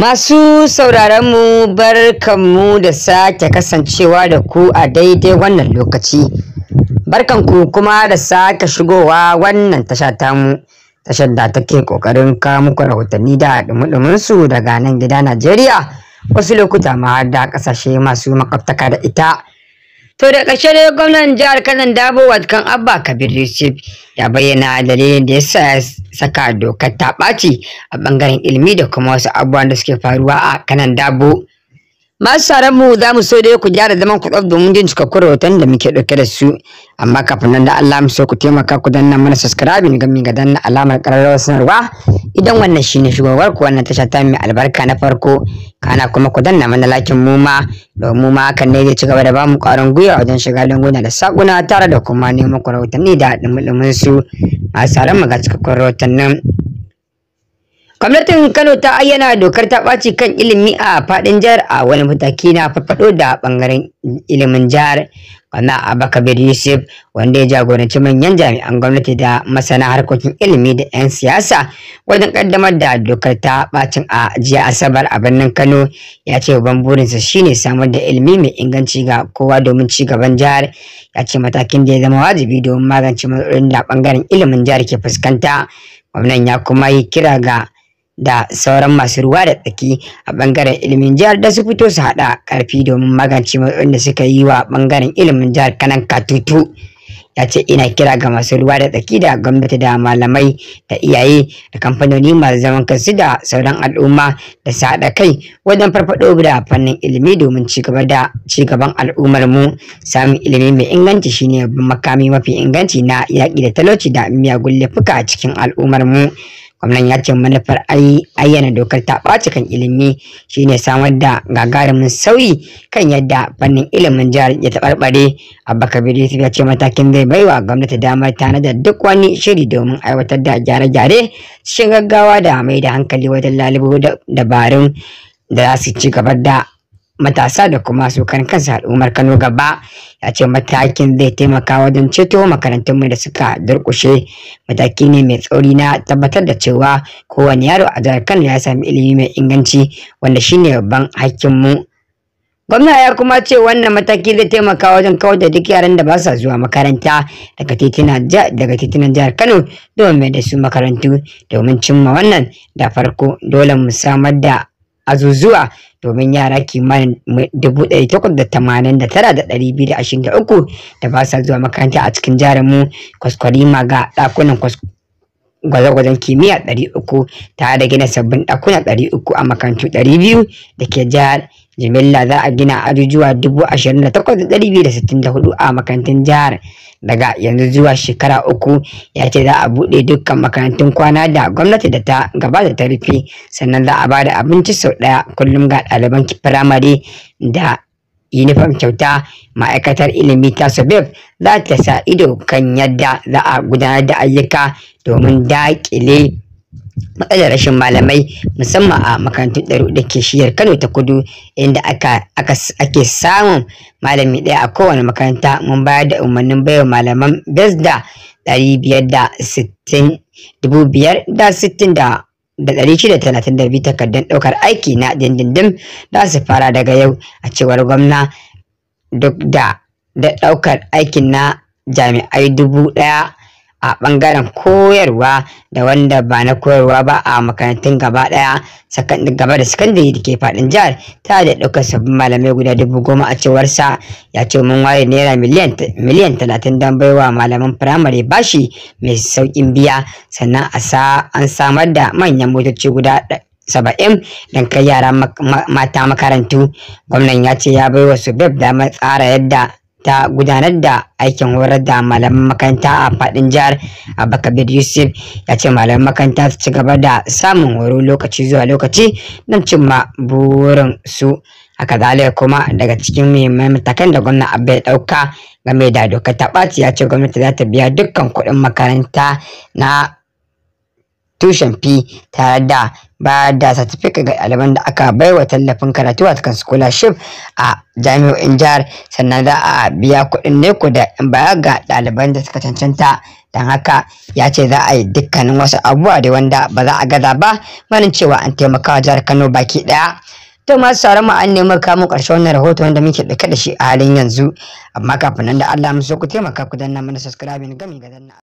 Masu sauraronmu barkanmu da sake kasancewa da ku a daidai wannan lokaci. Barkanku kuma da sake shigowa wannan tasha tamu, tashar da take ƙoƙarin kawo muku rahotanni da ɗumuɗuminsu daga nan gida Najeriya, wasu lokuta ma har da ƙasashe masu makwabtaka da ita. To da ƙarshe dai gwamnan jihar Kano Dabo Watkan Abba Kabir Yusuf ya bayyana dalilin da ya saka dokar ta ɓaci a ɓangaren ilimi da kuma wasu abubuwan da suke faruwa a Kanan Dabo. masu taron mu za mu so dai ku gyara zaman ku ɗauki domin jin cikakkun rahoton da muke ɗauke da su amma kafin nan da Allah mu so ku taimaka ku danna mana subscribing ga mi ga danna alamar ƙararrawar sanarwa idan wannan shine shugabar ku wannan tasha ta mai albarka na farko kana kuma ku danna mana lakin mu ma domin mu ma hakan ne zai ci gaba da bamu ƙwarin gwiwa wajen shiga lunguna da sakuna tare da kuma neman ku rahotanni da ɗumuɗumin su masu taron mu ga cikakkun nan Gwamnatin Kano ta ayyana dokar ta ɓaci kan ilimi a faɗin jihar a wani mataki na farfaɗo da ɓangaren ilimin jihar. Gwamna Abakabir Yusuf wanda ya jagoranci manyan jami'an gwamnati da masana harkokin ilimi da 'yan siyasa wajen ƙaddamar da dokar ta ɓacin a jiya Asabar a birnin Kano ya ce babban burinsa shine samar da ilimi mai inganci ga kowa domin ci gaban jihar. Ya ce matakin da ya zama wajibi domin magance matsalolin da ɓangaren ilimin jihar ke fuskanta. Gwamnan ya kuma yi kira ga da sauran masu ruwa da tsaki a bangaren ilimin jihar da su fito su haɗa karfi domin magance matsalolin da suka yi wa bangaren ilimin jihar kanan katutu ya ce ina kira ga masu ruwa da tsaki da gwamnati da malamai da iyaye da kamfanoni masu zaman kansu da sauran al'umma da su haɗa kai wajen farfaɗo da fannin ilimi domin cigaba da cigaban al'ummar mu samun ilimi mai inganci shine makami mafi inganci na yaƙi da talauci da miyagun laifuka cikin al'ummar mu gwamnan ya ce manufar ayyana dokar ta ɓaci kan ilimi shine samar da gagarumin sauyi kan yadda fannin ilimin jihar ya taɓarɓare abubakar ya ce matakin zai baiwa gwamnati damar tanadar duk wani shiri domin aiwatar da gyare-gyare cikin gaggawa da mai da hankali wajen lalubo dabarun da za su ci gaba da matasa da kuma su kan kansu al'ummar Kano gaba ya ce matakin zai taimaka wajen ceto makarantun mu da suka durkushe mataki ne mai tsauri na tabbatar da cewa kowane yaro a jihar Kano ya sami ilimi mai inganci wanda shine babban hakkin mu Gwamna ya kuma ce wannan mataki zai taimaka wajen kawar da duk yaran da ba sa zuwa makaranta daga titunan jihar Kano domin mai da su makarantu domin cimma wannan da farko dole mu samar da azuzuwa domin yara kimanin dubu ɗari takwas da tamanin da tara da ɗari biyu da ashirin da uku da ba sa zuwa makaranta a cikin jarumin kwaskwarima ga ɗakunan gwaje-gwajen kimiyya ɗari uku tare da gina sabbin ɗakuna ɗari uku a makarantu ɗari biyu da ke jihar jimilla za a gina ajujuwa 28,264 a makarantun jihar daga yanzu zuwa shekara uku ya ce za a buɗe dukkan makarantun kwana da gwamnati da ta gabata ta rufe sannan za a ba da abinci sau ɗaya kullum ga ɗaliban firamare da yunifom kyauta ma'aikatar ilimi ta sobeb za ta sa ido kan yadda za a gudanar da ayyuka domin daƙile matsalar rashin malamai musamman a makarantun ɗaru da ke shiyar kano ta kudu inda ake samun malami ɗaya a kowane makaranta mun bayar da umarnin baiwa malaman da ɗari biyar da sittin dubu biyar da sittin da ɗari shida talatin da biyu takardar ɗaukar aiki na dindindin da su fara daga yau a cewar gwamna duk da ɗaukar aikin na jami'ai dubu ɗaya a ɓangaren koyarwa da wanda ba na koyarwa ba a makarantun gaba ɗaya gaba da sakandare da ke faɗin jihar ta da ɗaukar sabbin malamai guda dubu goma a cewar sa ya ce mun ware naira miliyan talatin don baiwa malaman firamare bashi mai sauƙin biya sannan a an samar da manyan motoci guda saba'in don kai yara mata makarantu gwamnan ya ce ya bai wa subeb damar tsara yadda ta gudanar da aikin horar da malaman makaranta a fadin jihar abakabir yusuf ya ce malaman makaranta su ci gaba da samun horo lokaci zuwa lokaci don cimma burin su a zalika kuma daga cikin muhimman matakan da gwamna abu ya dauka game da dokar ta ɓaci ya ce gwamnati za ta biya dukkan kuɗin makaranta na tushen fi tare da ba da certificate ga ɗaliban da aka bai wa tallafin karatu a cikin scholarship a jami'o'in jihar sannan za a biya kuɗin ne ku da in baya ga ɗaliban da suka cancanta don haka ya ce za a yi dukkanin wasu abubuwa da wanda ba za a gaza ba manin cewa an taimaka wa jihar kano baki ɗaya to masu sauran mu an nemi kamun ƙarshen wannan rahoton wanda muke ɗauke da shi a halin yanzu amma kafin nan da allah mu so ku taimaka ku danna mana subscribing gami ga danna